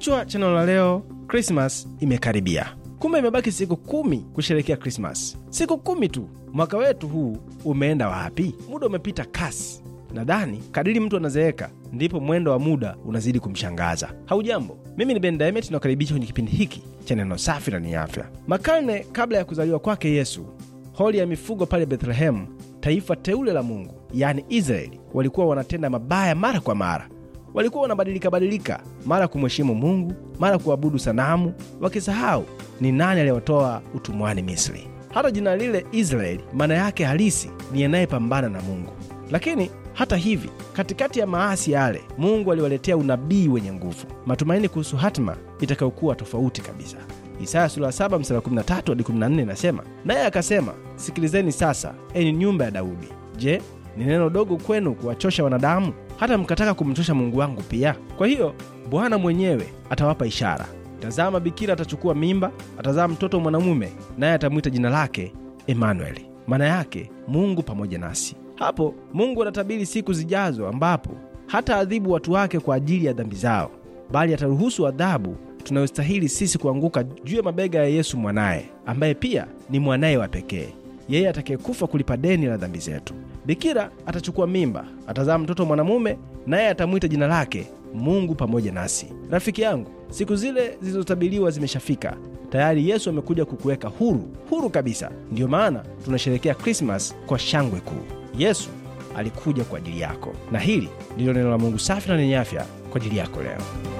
Kichwa cha neno la leo, Krismas imekaribia. Kumbe imebaki siku kumi kusherekea Krismas, siku kumi tu. Mwaka wetu huu umeenda wapi? Muda umepita kasi. Nadhani kadiri mtu anazeeka ndipo mwendo wa muda unazidi kumshangaza. Haujambo, mimi ni Ben nakaribisha kwenye kipindi hiki cha neno safi na ni afya. Makarne kabla ya kuzaliwa kwake Yesu, holi ya mifugo pale Bethlehemu, taifa teule la Mungu yaani Israeli walikuwa wanatenda mabaya mara kwa mara walikuwa wanabadilika badilika, mara kumheshimu Mungu, mara kuabudu sanamu, wakisahau ni nani aliyewatoa utumwani Misri. Hata jina lile Israeli maana yake halisi ni yanayepambana na Mungu. Lakini hata hivi, katikati ya maasi yale, Mungu aliwaletea unabii wenye nguvu, matumaini kuhusu hatima itakayokuwa tofauti kabisa. Isaya sura 7 mstari 13 hadi 14 inasema, naye akasema, sikilizeni sasa, eni nyumba ya Daudi. Je, ni neno dogo kwenu kuwachosha wanadamu? Hata mkataka kumchosha Mungu wangu pia? Kwa hiyo Bwana mwenyewe atawapa ishara. Tazama, bikira atachukua mimba, atazaa mtoto mwanamume, naye atamwita jina lake Emanueli, maana yake Mungu pamoja nasi. Hapo Mungu anatabiri siku zijazo ambapo hata adhibu watu wake kwa ajili ya dhambi zao, bali ataruhusu adhabu tunayostahili sisi kuanguka juu ya mabega ya Yesu mwanaye, ambaye pia ni mwanaye wa pekee yeye atakayekufa kulipa deni la dhambi zetu. Bikira atachukua mimba, atazaa mtoto mwanamume, naye atamwita jina lake Mungu pamoja nasi. Rafiki yangu, siku zile zilizotabiliwa zimeshafika tayari. Yesu amekuja kukuweka huru, huru kabisa. Ndiyo maana tunasherekea Krismas kwa shangwe kuu. Yesu alikuja kwa ajili yako, na hili ndilo neno la Mungu safi na lenye afya kwa ajili yako leo.